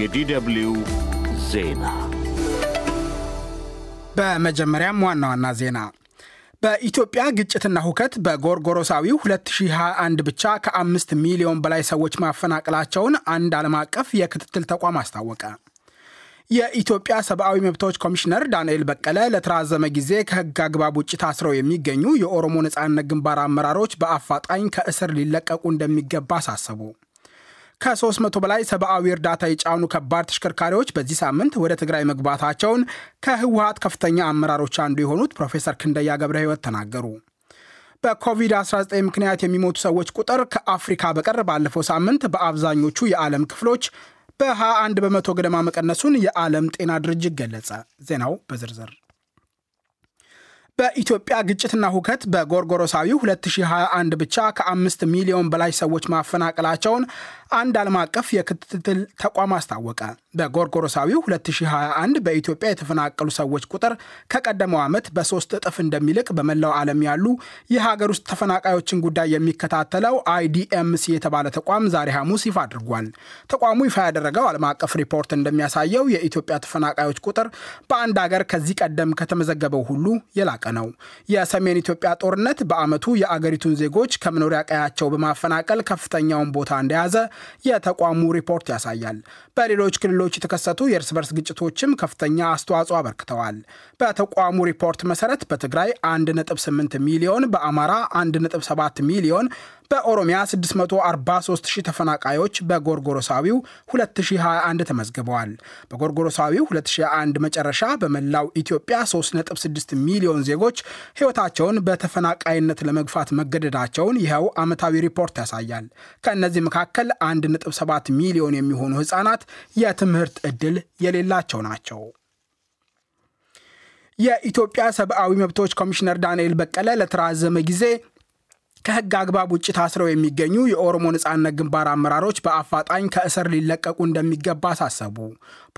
የዲደብልዩ ዜና በመጀመሪያም ዋና ዋና ዜና በኢትዮጵያ ግጭትና ሁከት በጎርጎሮሳዊው 2021 ብቻ ከአምስት ሚሊዮን በላይ ሰዎች ማፈናቀላቸውን አንድ ዓለም አቀፍ የክትትል ተቋም አስታወቀ። የኢትዮጵያ ሰብአዊ መብቶች ኮሚሽነር ዳንኤል በቀለ ለተራዘመ ጊዜ ከሕግ አግባብ ውጭ ታስረው የሚገኙ የኦሮሞ ነጻነት ግንባር አመራሮች በአፋጣኝ ከእስር ሊለቀቁ እንደሚገባ አሳሰቡ። ከ300 በላይ ሰብአዊ እርዳታ የጫኑ ከባድ ተሽከርካሪዎች በዚህ ሳምንት ወደ ትግራይ መግባታቸውን ከህወሀት ከፍተኛ አመራሮች አንዱ የሆኑት ፕሮፌሰር ክንደያ ገብረ ህይወት ተናገሩ። በኮቪድ-19 ምክንያት የሚሞቱ ሰዎች ቁጥር ከአፍሪካ በቀር ባለፈው ሳምንት በአብዛኞቹ የዓለም ክፍሎች በ21 በመቶ ገደማ መቀነሱን የዓለም ጤና ድርጅት ገለጸ። ዜናው በዝርዝር በኢትዮጵያ ግጭትና ሁከት በጎርጎሮሳዊ 2021 ብቻ ከአምስት ሚሊዮን በላይ ሰዎች ማፈናቀላቸውን አንድ ዓለም አቀፍ የክትትል ተቋም አስታወቀ። በጎርጎሮሳዊ 2021 በኢትዮጵያ የተፈናቀሉ ሰዎች ቁጥር ከቀደመው ዓመት በሶስት እጥፍ እንደሚልቅ በመላው ዓለም ያሉ የሀገር ውስጥ ተፈናቃዮችን ጉዳይ የሚከታተለው አይዲኤምሲ የተባለ ተቋም ዛሬ ሐሙስ ይፋ አድርጓል። ተቋሙ ይፋ ያደረገው ዓለም አቀፍ ሪፖርት እንደሚያሳየው የኢትዮጵያ ተፈናቃዮች ቁጥር በአንድ ሀገር ከዚህ ቀደም ከተመዘገበው ሁሉ የላቀ ነው። የሰሜን ኢትዮጵያ ጦርነት በዓመቱ የአገሪቱን ዜጎች ከመኖሪያ ቀያቸው በማፈናቀል ከፍተኛውን ቦታ እንደያዘ የተቋሙ ሪፖርት ያሳያል። በሌሎች ክልሎች የተከሰቱ የእርስ በርስ ግጭቶችም ከፍተኛ አስተዋጽኦ አበርክተዋል። በተቋሙ ሪፖርት መሰረት በትግራይ 1.8 ሚሊዮን፣ በአማራ 1.7 ሚሊዮን በኦሮሚያ 643 ሺህ ተፈናቃዮች በጎርጎሮሳዊው 2021 ተመዝግበዋል። በጎርጎሮሳዊው 2021 መጨረሻ በመላው ኢትዮጵያ 3.6 ሚሊዮን ዜጎች ሕይወታቸውን በተፈናቃይነት ለመግፋት መገደዳቸውን ይኸው ዓመታዊ ሪፖርት ያሳያል። ከእነዚህ መካከል 1.7 ሚሊዮን የሚሆኑ ሕፃናት የትምህርት ዕድል የሌላቸው ናቸው። የኢትዮጵያ ሰብአዊ መብቶች ኮሚሽነር ዳንኤል በቀለ ለተራዘመ ጊዜ ከህግ አግባብ ውጭ ታስረው የሚገኙ የኦሮሞ ነጻነት ግንባር አመራሮች በአፋጣኝ ከእስር ሊለቀቁ እንደሚገባ አሳሰቡ።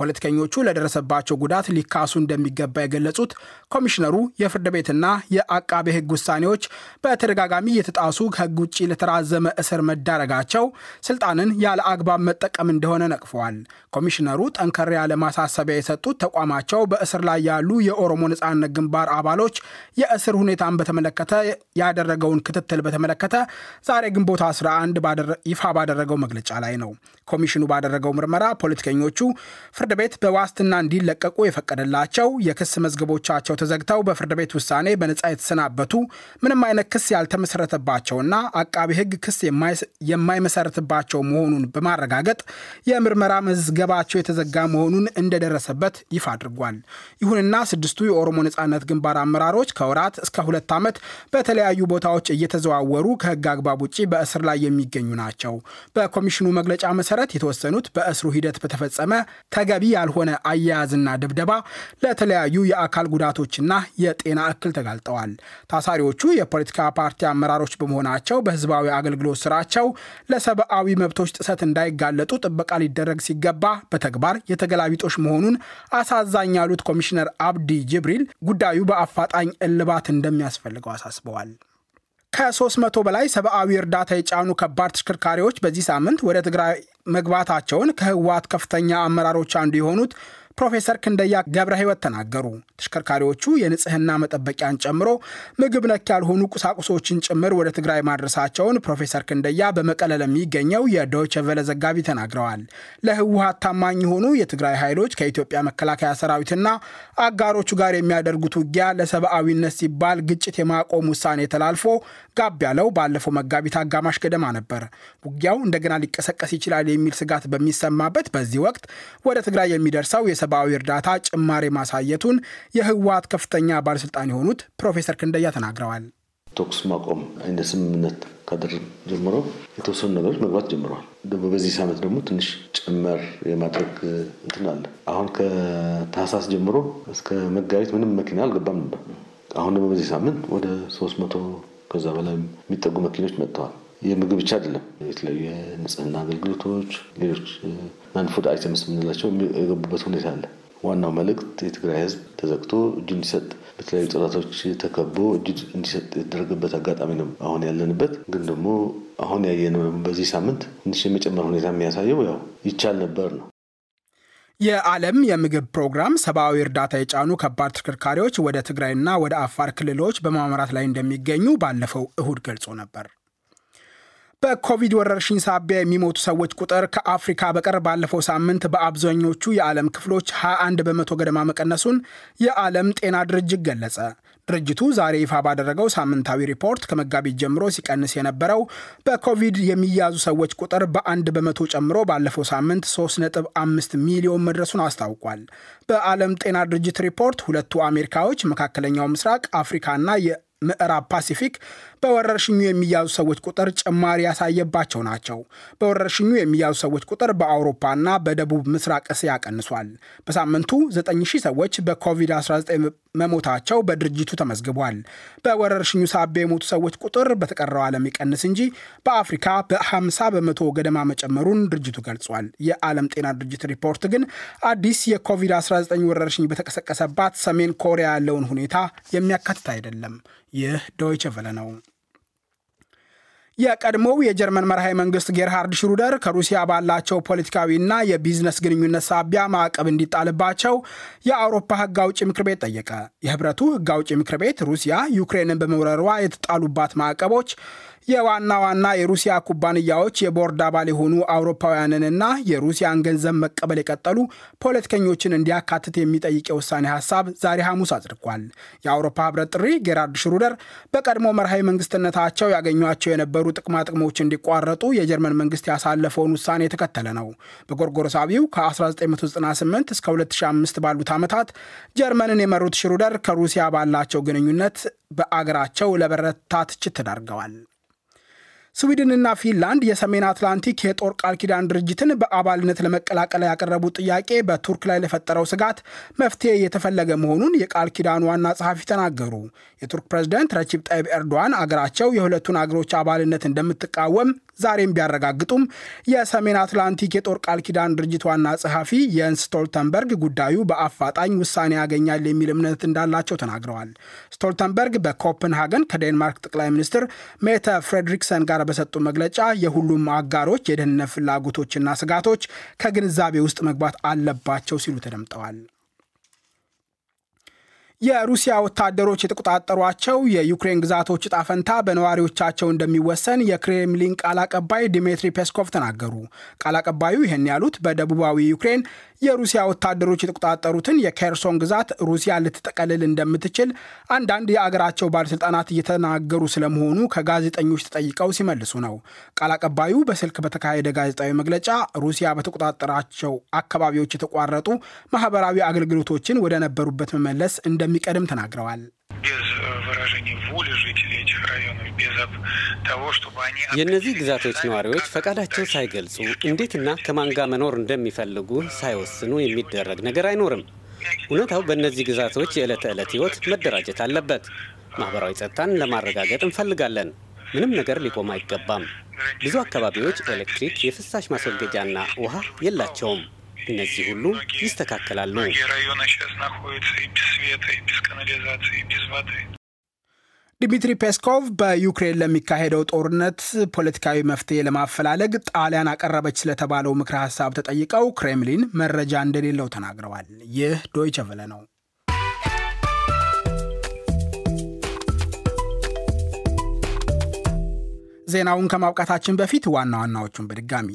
ፖለቲከኞቹ ለደረሰባቸው ጉዳት ሊካሱ እንደሚገባ የገለጹት ኮሚሽነሩ የፍርድ ቤትና የአቃቤ ህግ ውሳኔዎች በተደጋጋሚ የተጣሱ ከህግ ውጭ ለተራዘመ እስር መዳረጋቸው ስልጣንን ያለ አግባብ መጠቀም እንደሆነ ነቅፈዋል። ኮሚሽነሩ ጠንከር ያለ ማሳሰቢያ የሰጡት ተቋማቸው በእስር ላይ ያሉ የኦሮሞ ነጻነት ግንባር አባሎች የእስር ሁኔታን በተመለከተ ያደረገውን ክትትል በተመለከተ ዛሬ ግንቦት 11 ይፋ ባደረገው መግለጫ ላይ ነው። ኮሚሽኑ ባደረገው ምርመራ ፖለቲከኞቹ ፍርድ ቤት በዋስትና እንዲለቀቁ የፈቀደላቸው፣ የክስ መዝገቦቻቸው ተዘግተው በፍርድ ቤት ውሳኔ በነፃ የተሰናበቱ፣ ምንም አይነት ክስ ያልተመሰረተባቸውና አቃቢ ሕግ ክስ የማይመሰረትባቸው መሆኑን በማረጋገጥ የምርመራ መዝገባቸው የተዘጋ መሆኑን እንደደረሰበት ይፋ አድርጓል። ይሁንና ስድስቱ የኦሮሞ ነጻነት ግንባር አመራሮች ከወራት እስከ ሁለት ዓመት በተለያዩ ቦታዎች እየተዘዋ የሚዘዋወሩ ከህግ አግባብ ውጭ በእስር ላይ የሚገኙ ናቸው። በኮሚሽኑ መግለጫ መሰረት የተወሰኑት በእስሩ ሂደት በተፈጸመ ተገቢ ያልሆነ አያያዝና ድብደባ ለተለያዩ የአካል ጉዳቶችና የጤና እክል ተጋልጠዋል። ታሳሪዎቹ የፖለቲካ ፓርቲ አመራሮች በመሆናቸው በህዝባዊ አገልግሎት ስራቸው ለሰብአዊ መብቶች ጥሰት እንዳይጋለጡ ጥበቃ ሊደረግ ሲገባ በተግባር የተገላቢጦች መሆኑን አሳዛኝ ያሉት ኮሚሽነር አብዲ ጅብሪል ጉዳዩ በአፋጣኝ እልባት እንደሚያስፈልገው አሳስበዋል። ከ300 በላይ ሰብአዊ እርዳታ የጫኑ ከባድ ተሽከርካሪዎች በዚህ ሳምንት ወደ ትግራይ መግባታቸውን ከህወሓት ከፍተኛ አመራሮች አንዱ የሆኑት ፕሮፌሰር ክንደያ ገብረ ህይወት ተናገሩ። ተሽከርካሪዎቹ የንጽህና መጠበቂያን ጨምሮ ምግብ ነክ ያልሆኑ ቁሳቁሶችን ጭምር ወደ ትግራይ ማድረሳቸውን ፕሮፌሰር ክንደያ በመቀለ ለሚገኘው የዶይቼ ቬለ ዘጋቢ ተናግረዋል። ለህወሀት ታማኝ የሆኑ የትግራይ ኃይሎች ከኢትዮጵያ መከላከያ ሰራዊትና አጋሮቹ ጋር የሚያደርጉት ውጊያ ለሰብአዊነት ሲባል ግጭት የማቆም ውሳኔ ተላልፎ ጋብ ያለው ባለፈው መጋቢት አጋማሽ ገደማ ነበር። ውጊያው እንደገና ሊቀሰቀስ ይችላል የሚል ስጋት በሚሰማበት በዚህ ወቅት ወደ ትግራይ የሚደርሰው የሰብአዊ እርዳታ ጭማሪ ማሳየቱን የህወሓት ከፍተኛ ባለስልጣን የሆኑት ፕሮፌሰር ክንደያ ተናግረዋል። ተኩስ ማቆም አይነት ስምምነት ካደረግን ጀምሮ የተወሰኑ ነገሮች መግባት ጀምረዋል። በዚህ ሳምንት ደግሞ ትንሽ ጭመር የማድረግ እንትን አለ። አሁን ከታህሳስ ጀምሮ እስከ መጋቢት ምንም መኪና አልገባም ነበር። አሁን ደግሞ በዚህ ሳምንት ወደ ሶስት መቶ ከዛ በላይ የሚጠጉ መኪኖች መጥተዋል። የምግብ ብቻ አይደለም። የተለያዩ የንጽህና አገልግሎቶች፣ ሌሎች ናን አይተምስ የምንላቸው የገቡበት ሁኔታ አለ። ዋናው መልእክት የትግራይ ህዝብ ተዘግቶ እጅ እንዲሰጥ በተለያዩ ጥረቶች ተከቦ እጅ እንዲሰጥ የተደረገበት አጋጣሚ ነው አሁን ያለንበት። ግን ደግሞ አሁን ያየነው በዚህ ሳምንት ትንሽ የመጨመር ሁኔታ የሚያሳየው ያው ይቻል ነበር ነው። የዓለም የምግብ ፕሮግራም ሰብአዊ እርዳታ የጫኑ ከባድ ተሽከርካሪዎች ወደ ትግራይና ወደ አፋር ክልሎች በማምራት ላይ እንደሚገኙ ባለፈው እሁድ ገልጾ ነበር። በኮቪድ ወረርሽኝ ሳቢያ የሚሞቱ ሰዎች ቁጥር ከአፍሪካ በቀር ባለፈው ሳምንት በአብዛኞቹ የዓለም ክፍሎች 21 በመቶ ገደማ መቀነሱን የዓለም ጤና ድርጅት ገለጸ። ድርጅቱ ዛሬ ይፋ ባደረገው ሳምንታዊ ሪፖርት ከመጋቢት ጀምሮ ሲቀንስ የነበረው በኮቪድ የሚያዙ ሰዎች ቁጥር በአንድ በመቶ ጨምሮ ባለፈው ሳምንት 3.5 ሚሊዮን መድረሱን አስታውቋል። በዓለም ጤና ድርጅት ሪፖርት ሁለቱ አሜሪካዎች፣ መካከለኛው ምስራቅ፣ አፍሪካና የምዕራብ ፓሲፊክ በወረርሽኙ የሚያዙ ሰዎች ቁጥር ጭማሪ ያሳየባቸው ናቸው። በወረርሽኙ የሚያዙ ሰዎች ቁጥር በአውሮፓና በደቡብ ምስራቅ እስያ ቀንሷል። በሳምንቱ 9000 ሰዎች በኮቪድ-19 መሞታቸው በድርጅቱ ተመዝግቧል። በወረርሽኙ ሳቢያ የሞቱ ሰዎች ቁጥር በተቀረው ዓለም ይቀንስ እንጂ በአፍሪካ በ50 በመቶ ገደማ መጨመሩን ድርጅቱ ገልጿል። የዓለም ጤና ድርጅት ሪፖርት ግን አዲስ የኮቪድ-19 ወረርሽኝ በተቀሰቀሰባት ሰሜን ኮሪያ ያለውን ሁኔታ የሚያካትት አይደለም። ይህ ዶይቸ ቨለ ነው። የቀድሞው የጀርመን መርሃዊ መንግስት ጌርሃርድ ሽሩደር ከሩሲያ ባላቸው ፖለቲካዊና የቢዝነስ ግንኙነት ሳቢያ ማዕቀብ እንዲጣልባቸው የአውሮፓ ህግ አውጪ ምክር ቤት ጠየቀ። የህብረቱ ህግ አውጪ ምክር ቤት ሩሲያ ዩክሬንን በመውረሯ የተጣሉባት ማዕቀቦች የዋና ዋና የሩሲያ ኩባንያዎች የቦርድ አባል የሆኑ አውሮፓውያንንና የሩሲያን ገንዘብ መቀበል የቀጠሉ ፖለቲከኞችን እንዲያካትት የሚጠይቅ የውሳኔ ሀሳብ ዛሬ ሐሙስ አጽድቋል። የአውሮፓ ህብረት ጥሪ ጌራርድ ሽሩደር በቀድሞ መርሃዊ መንግስትነታቸው ያገኟቸው የነበሩ ጥቅማጥቅሞች እንዲቋረጡ የጀርመን መንግስት ያሳለፈውን ውሳኔ የተከተለ ነው። በጎርጎሮሳቢው ከ1998 እስከ 2005 ባሉት ዓመታት ጀርመንን የመሩት ሽሩደር ከሩሲያ ባላቸው ግንኙነት በአገራቸው ለበረታ ትችት ተዳርገዋል። ስዊድንና ፊንላንድ የሰሜን አትላንቲክ የጦር ቃል ኪዳን ድርጅትን በአባልነት ለመቀላቀል ያቀረቡት ጥያቄ በቱርክ ላይ ለፈጠረው ስጋት መፍትሄ የተፈለገ መሆኑን የቃል ኪዳን ዋና ጸሐፊ ተናገሩ። የቱርክ ፕሬዝደንት ረቺብ ጣይብ ኤርዶዋን አገራቸው የሁለቱን አገሮች አባልነት እንደምትቃወም ዛሬም ቢያረጋግጡም የሰሜን አትላንቲክ የጦር ቃል ኪዳን ድርጅት ዋና ጸሐፊ የንስ ስቶልተንበርግ ጉዳዩ በአፋጣኝ ውሳኔ ያገኛል የሚል እምነት እንዳላቸው ተናግረዋል። ስቶልተንበርግ በኮፕንሃገን ከዴንማርክ ጠቅላይ ሚኒስትር ሜተ ፍሬድሪክሰን ጋር ጋር በሰጡ መግለጫ የሁሉም አጋሮች የደህንነት ፍላጎቶችና ስጋቶች ከግንዛቤ ውስጥ መግባት አለባቸው ሲሉ ተደምጠዋል። የሩሲያ ወታደሮች የተቆጣጠሯቸው የዩክሬን ግዛቶች ጣፈንታ ፈንታ በነዋሪዎቻቸው እንደሚወሰን የክሬምሊን ቃል አቀባይ ዲሜትሪ ፔስኮቭ ተናገሩ። ቃል አቀባዩ ይህን ያሉት በደቡባዊ ዩክሬን የሩሲያ ወታደሮች የተቆጣጠሩትን የኬርሶን ግዛት ሩሲያ ልትጠቀልል እንደምትችል አንዳንድ የአገራቸው ባለስልጣናት እየተናገሩ ስለመሆኑ ከጋዜጠኞች ተጠይቀው ሲመልሱ ነው። ቃል አቀባዩ በስልክ በተካሄደ ጋዜጣዊ መግለጫ ሩሲያ በተቆጣጠራቸው አካባቢዎች የተቋረጡ ማህበራዊ አገልግሎቶችን ወደ ነበሩበት መመለስ እንደሚቀድም ተናግረዋል። нарушении воли жителей этих районов, без того, чтобы они... የእነዚህ ግዛቶች ነዋሪዎች ፈቃዳቸው ሳይገልጹ እንዴትና ከማን ጋር መኖር እንደሚፈልጉ ሳይወስኑ የሚደረግ ነገር አይኖርም። እውነታው በእነዚህ ግዛቶች የዕለት ተዕለት ህይወት መደራጀት አለበት። ማህበራዊ ጸጥታን ለማረጋገጥ እንፈልጋለን። ምንም ነገር ሊቆም አይገባም። ብዙ አካባቢዎች ኤሌክትሪክ፣ የፍሳሽ ማስወገጃና ውሃ የላቸውም። እነዚህ ሁሉ ይስተካከላሉ። ዲሚትሪ ፔስኮቭ በዩክሬን ለሚካሄደው ጦርነት ፖለቲካዊ መፍትሄ ለማፈላለግ ጣሊያን አቀረበች ስለተባለው ምክረ ሀሳብ ተጠይቀው ክሬምሊን መረጃ እንደሌለው ተናግረዋል። ይህ ዶይቸ ቨለ ነው። ዜናውን ከማብቃታችን በፊት ዋና ዋናዎቹን በድጋሚ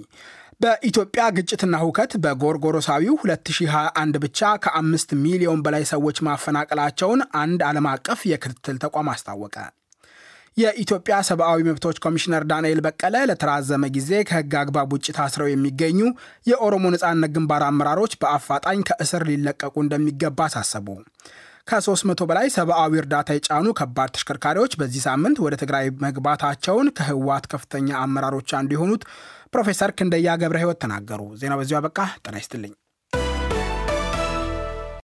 በኢትዮጵያ ግጭትና ሁከት በጎርጎሮሳዊው 2021 ብቻ ከአምስት ሚሊዮን በላይ ሰዎች ማፈናቀላቸውን አንድ ዓለም አቀፍ የክትትል ተቋም አስታወቀ። የኢትዮጵያ ሰብአዊ መብቶች ኮሚሽነር ዳንኤል በቀለ ለተራዘመ ጊዜ ከሕግ አግባብ ውጭ ታስረው የሚገኙ የኦሮሞ ነጻነት ግንባር አመራሮች በአፋጣኝ ከእስር ሊለቀቁ እንደሚገባ አሳሰቡ። ከ300 በላይ ሰብአዊ እርዳታ የጫኑ ከባድ ተሽከርካሪዎች በዚህ ሳምንት ወደ ትግራይ መግባታቸውን ከህወሓት ከፍተኛ አመራሮች አንዱ የሆኑት ፕሮፌሰር ክንደያ ገብረ ህይወት ተናገሩ። ዜናው በዚሁ አበቃ። ጤና ይስጥልኝ።